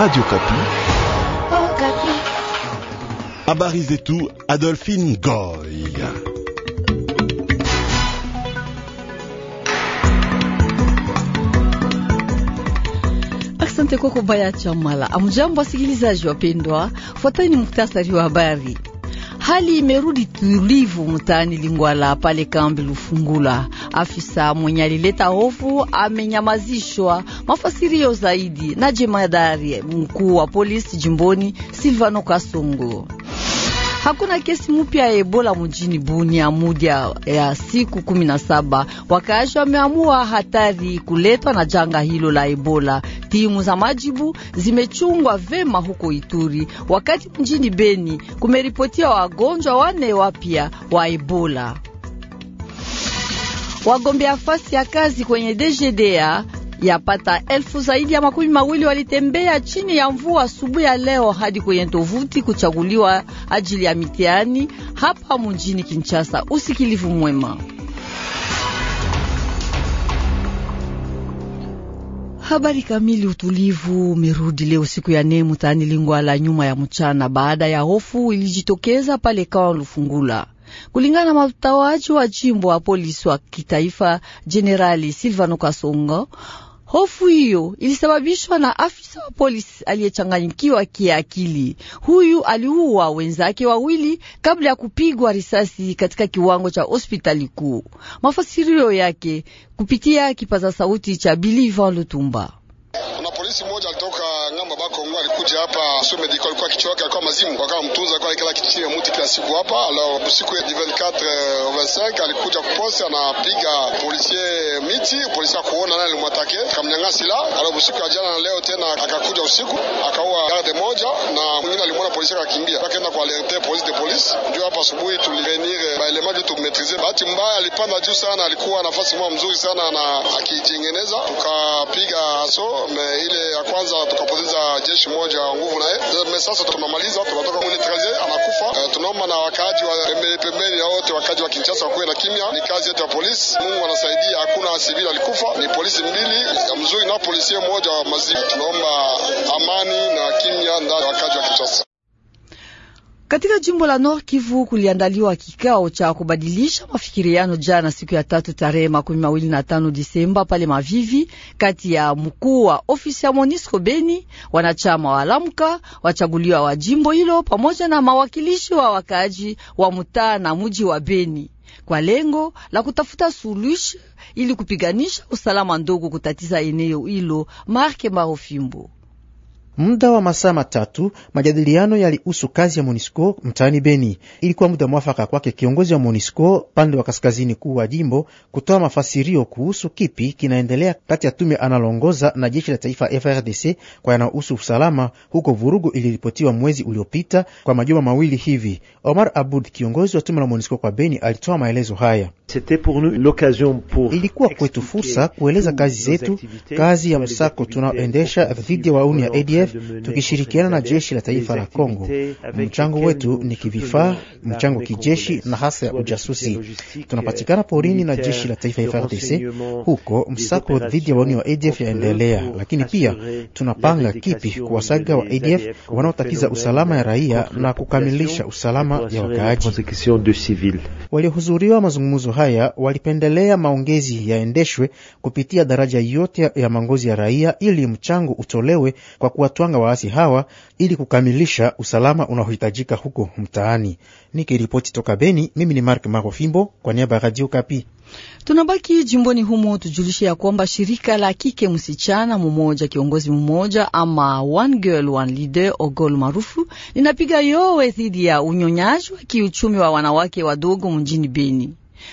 Radio Kapi. Oh, Kapi. Habari zetu Adolphine Goy. Asante kwa kubaya chamala. Amjambo wasikilizaji wapendwa, fuatani muhtasari wa habari. Hali imerudi tulivu mtaani Lingwala pale kambi Lufungula. Afisa mwenye alileta hofu amenyamazishwa. Mafasirio zaidi na jemadari mkuu wa polisi jimboni Silvano Kasongo. Hakuna kesi mupya ya Ebola mjini Bunia muda ya siku kumi na saba. Wakaaji wameamua hatari kuletwa na janga hilo la Ebola. Timu za majibu zimechungwa vema huko Ituri, wakati mjini Beni kumeripotia wagonjwa wane wapya wa Ebola. Wagombea fasi ya kazi kwenye DGDA yapata elfu zaidi ya makumi mawili walitembea chini ya mvua asubuhi ya leo hadi kwenye tovuti kuchaguliwa ajili ya mitihani hapa mjini Kinshasa. Usikilivu mwema. Habari kamili. Utulivu umerudi leo siku ya nne mtaani Lingwala nyuma ya mchana, baada ya hofu ilijitokeza pale kawa Lufungula. Kulingana na mtawaji wa jimbo wa polisi wa kitaifa Jenerali Silvano Kasongo, Hofu hiyo ilisababishwa na afisa wa polisi aliyechanganyikiwa kiakili. Huyu aliua wenzake wawili kabla ya kupigwa risasi katika kiwango cha hospitali kuu. Mafasirio yake kupitia kipaza sauti cha Bilivan Lutumba. Kuna polisi mmoja alitoka ng'ambo bako ngo alikuja hapa so medical alikuwa kichwa yake alikuwa mazimu, kama mtunza kwa kila kitu ya muti kila siku hapa. Alors usiku ya 24 au 25 alikuja kuposa piga polisie miti, polisi akuona nani alimwatake kamnyang'asi la Alors usiku ya jana na leo tena akakuja usiku akaua garde moja na mwingine alimwona polisi akakimbia, akaenda kwa alerte police de police. Ndio hapa asubuhi tulivenir ba element tout maîtriser Bahati mbaya alipanda juu sana, alikuwa nafasi mwa mzuri sana na akijengeneza tukapiga so me ile ya kwanza tukapoza tumemaliza jeshi moja wa nguvu naye sasa, tunamaliza tunatoka kule kazi, anakufa. Eh, tunaomba na wakaaji wa pembeni pembeni wote, wakaaji wa Kinshasa wakuwe na kimya, ni kazi yetu ya polisi. Mungu anasaidia, hakuna sivili alikufa, ni polisi mbili mzuri na polisi mmoja wa mazimu. Tunaomba amani na kimya ndani ya wakaaji wa Kinshasa. Katika jimbo la Nord Kivu kuliandaliwa kikao cha kubadilisha mafikiriano jana siku ya tatu tarehe makumi mawili na tano Disemba pale Mavivi, kati ya mkuu wa ofisi ya Monisco Beni, wanachama wa Lamka wachaguliwa wa jimbo hilo pamoja na mawakilishi wa wakaaji wa mtaa na muji wa Beni kwa lengo la kutafuta suluhisho ili kupiganisha usalama ndogo kutatiza eneo hilo. Marke Marofimbo Muda wa masaa matatu, majadiliano yalihusu kazi ya MONUSCO mtaani Beni. Ilikuwa muda mwafaka kwake kiongozi wa MONUSCO pande wa kaskazini kuu wa jimbo kutoa mafasirio kuhusu kipi kinaendelea kati ya tume analongoza na jeshi la taifa FRDC kwa yanahusu usalama huko. Vurugu iliripotiwa mwezi uliopita kwa majuma mawili hivi. Omar Abud, kiongozi wa tume la MONUSCO kwa Beni, alitoa maelezo haya. Ilikuwa kwetu fursa kueleza kazi zetu, kazi ya msako tunaoendesha dhidi ya wauni ya ADF tukishirikiana na jeshi la taifa la Kongo. Mchango wetu ni kivifaa, mchango kijeshi na hasa ya ujasusi. Tunapatikana porini na jeshi la taifa FARDC huko. Msako dhidi ya wauni wa ADF yaendelea, lakini pia tunapanga kipi kuwasaga wa ADF wanaotatiza usalama ya raia na kukamilisha usalama ya wakaaji waliohudhuriwa mazungumzo haya walipendelea maongezi yaendeshwe kupitia daraja yote ya maongozi ya raia, ili mchango utolewe kwa kuwatwanga waasi hawa, ili kukamilisha usalama unaohitajika huko mtaani. Nikiripoti toka Beni, mimi ni Mark Marofimbo kwa niaba ya Radio Kapi. Tunabaki jimboni humo, tujulishe ya kwamba shirika la kike msichana mmoja kiongozi mmoja ama one girl one leader ogol maarufu linapiga yowe dhidi ya unyonyaji wa kiuchumi wa wanawake wadogo mjini Beni.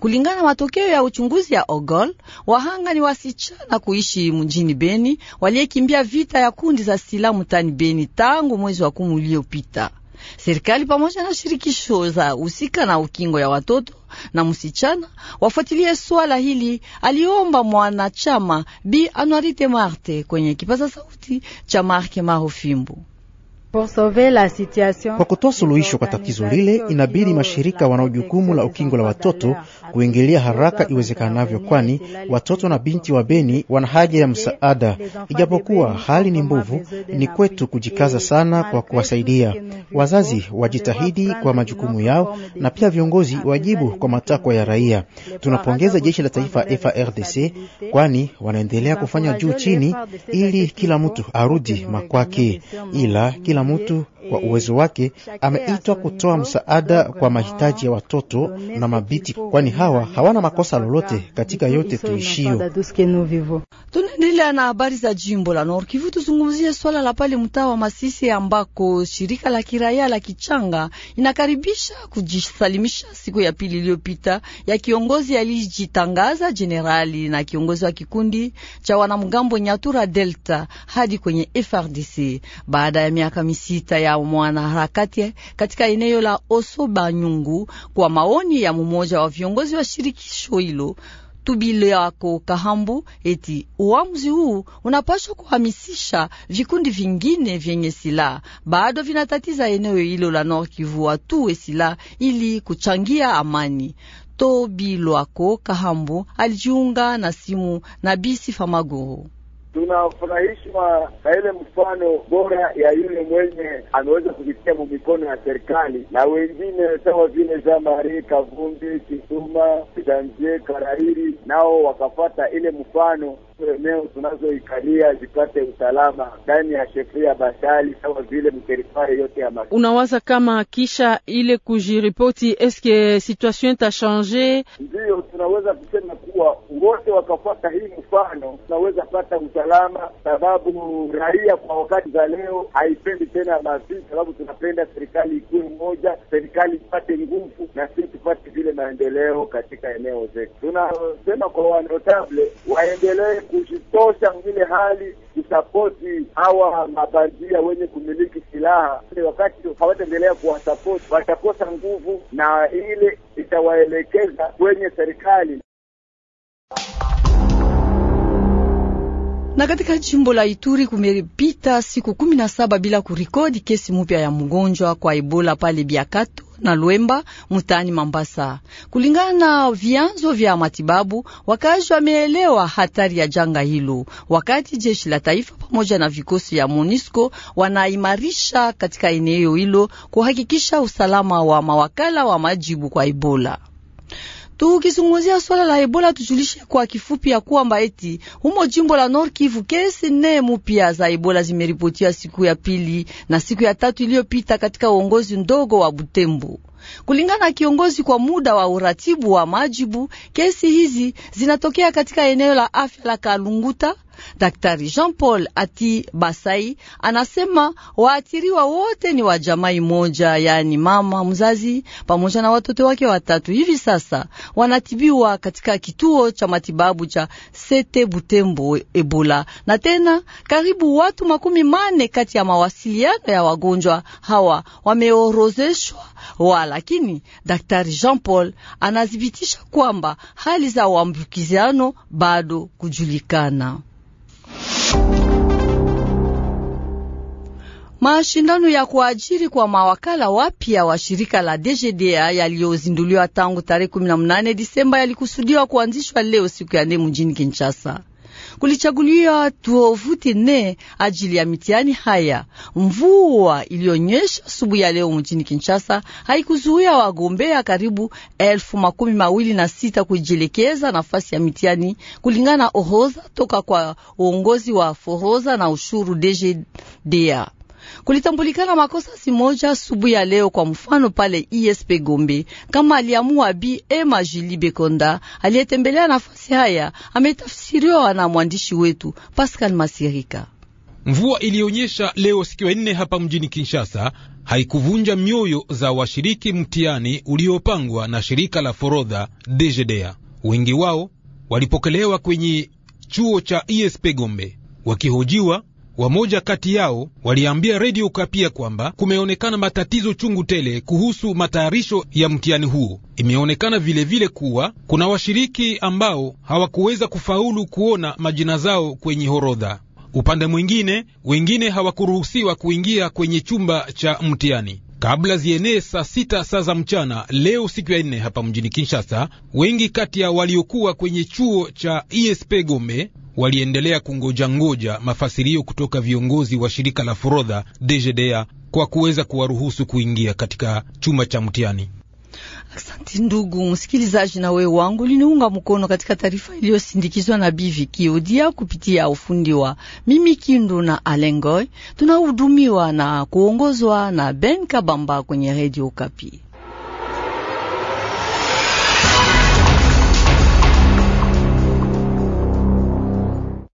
Kulingana na matokeo ya uchunguzi ya Ogol, wahanga ni wasichana kuishi mjini Beni waliyekimbia vita ya kundi za silaha mutani Beni tangu mwezi wa kumi uliopita. Serikali pamoja na shirikisho za husika na ukingo ya watoto na msichana wafuatilie swala hili, aliomba mwanachama Bi Anuarite Marte kwenye kipaza sauti cha Marke fimbu kwa kutoa suluhisho kwa tatizo lile, inabidi mashirika wanaojukumu la ukingo la watoto kuingilia haraka iwezekanavyo, kwani watoto na binti wa Beni wana haja ya msaada. Ijapokuwa hali ni mbovu, ni kwetu kujikaza sana kwa kuwasaidia. Wazazi wajitahidi kwa majukumu yao, na pia viongozi wajibu kwa matakwa ya raia. Tunapongeza jeshi la taifa FARDC, kwani wanaendelea kufanya juu chini, ili kila mtu arudi makwake, ila kila kila mtu kwa uwezo wake ameitwa kutoa msaada kwa mahitaji ya watoto na mabiti, kwani hawa hawana makosa lolote katika yote tuishio. Tunaendelea na habari za jimbo la Nord Kivu, tuzungumzie swala la pale mtaa wa Masisi ambako shirika la kiraia la Kichanga inakaribisha kujisalimisha siku ya pili iliyopita ya kiongozi alijitangaza jenerali na kiongozi wa kikundi cha wanamgambo Nyatura Delta hadi kwenye FRDC baada ya miaka misita ya ya mwanaharakati katika eneo la oso Nyungu, kwa maoni ya mmoja wa viongozi wa shirikisho hilo Tubileako Kahambu, eti uamuzi huu unapaswa kuhamisisha vikundi vingine vyenye silaha bado vinatatiza eneo hilo la Nord Kivu watuwe silaha ili kuchangia amani. Tobilwako Kahambu alijiunga na simu na Bisi Famaguru tunafurahishwa na ile mfano bora ya yule mwenye ameweza kujitia mu mikono ya serikali na wengine sawa vile zamari Kavumbi, kisuma Janvier Karahiri, nao wakafata ile mfano eneo tunazoikalia zipate usalama ndani ya ya bashali sawa vile mteritoare yote ya Masisi. Unawaza kama kisha ile kujiripoti, eske situation itachange? Ndiyo, tunaweza kusema kuwa wote wakafuata hii mfano, tunaweza pata usalama, sababu raia kwa wakati za leo haipendi tena mavita, sababu tunapenda serikali ikuwe moja, serikali ipate nguvu na sisi tupate vile maendeleo katika eneo zetu. Tunasema kwa wanotable waendelee kujitosha ngine hali kusapoti hawa mabandia wenye kumiliki silaha. Wakati hawataendelea kuwasapoti, watakosa nguvu na ile itawaelekeza kwenye serikali. na katika jimbo la Ituri kumepita siku kumi na saba bila kurikodi kesi mupya ya mgonjwa kwa Ebola pale Biakato na Lwemba mtaani Mambasa. Kulingana na vyanzo vya matibabu, wakazi wameelewa hatari ya janga hilo, wakati jeshi la taifa pamoja na vikosi ya MONUSCO wanaimarisha katika eneo hilo kuhakikisha usalama wa mawakala wa majibu kwa Ebola. Tukizungumzia swala la Ebola, tujulishe kwa kifupi ya kwamba eti humo jimbo la North Kivu kesi nne mupya za Ebola zimeripotiwa siku ya pili na siku ya tatu iliyopita katika uongozi ndogo wa Butembo. Kulingana na kiongozi kwa muda wa uratibu wa majibu, kesi hizi zinatokea katika eneo la afya la Kalunguta Daktari Jean Paul Ati Basai anasema waathiriwa wote ni wa jamii moja, yaani mama mzazi pamoja na watoto wake watatu. Hivi sasa wanatibiwa katika kituo cha matibabu cha Sete Butembo Ebola, na tena karibu watu makumi mane kati ya mawasiliano ya wagonjwa hawa wameorozeshwa wa, lakini Daktari Jean Paul anathibitisha kwamba hali za uambukizano bado kujulikana. Mashindano ya kuajiri kwa mawakala wapya wa shirika la DGDA yaliyozinduliwa tangu tarehe 18 Disemba yalikusudiwa kuanzishwa leo siku ya nne mjini Kinshasa kulichaguliwa tovuti ne ajili ya mitihani haya. Mvua iliyonyesha asubuhi ya leo mjini Kinshasa haikuzuia wagombea karibu elfu makumi mawili na sita kujielekeza nafasi ya mitihani kulingana na toka kwa uongozi wa forodha na ushuru DGDA. Kulitambulikana makosa si moja asubuhi ya leo, kwa mfano pale ISP Gombe, kama aliamua Bi Emma Juli Bekonda aliyetembelea nafasi haya, ametafsiriwa na mwandishi wetu Pascal Masirika. Mvua ilionyesha leo siku ya nne hapa mjini Kinshasa haikuvunja mioyo za washiriki mtihani uliopangwa na shirika la forodha DGDA. Wengi wao walipokelewa kwenye chuo cha ISP Gombe wakihojiwa Wamoja kati yao waliambia redio kapia kwamba kumeonekana matatizo chungu tele kuhusu matayarisho ya mtihani huo. Imeonekana vilevile kuwa kuna washiriki ambao hawakuweza kufaulu kuona majina zao kwenye horodha. Upande mwingine, wengine hawakuruhusiwa kuingia kwenye chumba cha mtihani kabla zienee saa sita saa za mchana leo siku ya nne hapa mjini Kinshasa. Wengi kati ya waliokuwa kwenye chuo cha ISP e Gome waliendelea kungojangoja mafasirio kutoka viongozi wa shirika la forodha DGDA kwa kuweza kuwaruhusu kuingia katika chumba cha mtihani. Asante ndugu msikilizaji, na wewe wangu liniunga mkono katika taarifa iliyosindikizwa na Bivi Kiodia kupitia ufundi wa Mimi Kindu na Alengoy. Tunahudumiwa na kuongozwa na Ben Kabamba kwenye redio Kapi.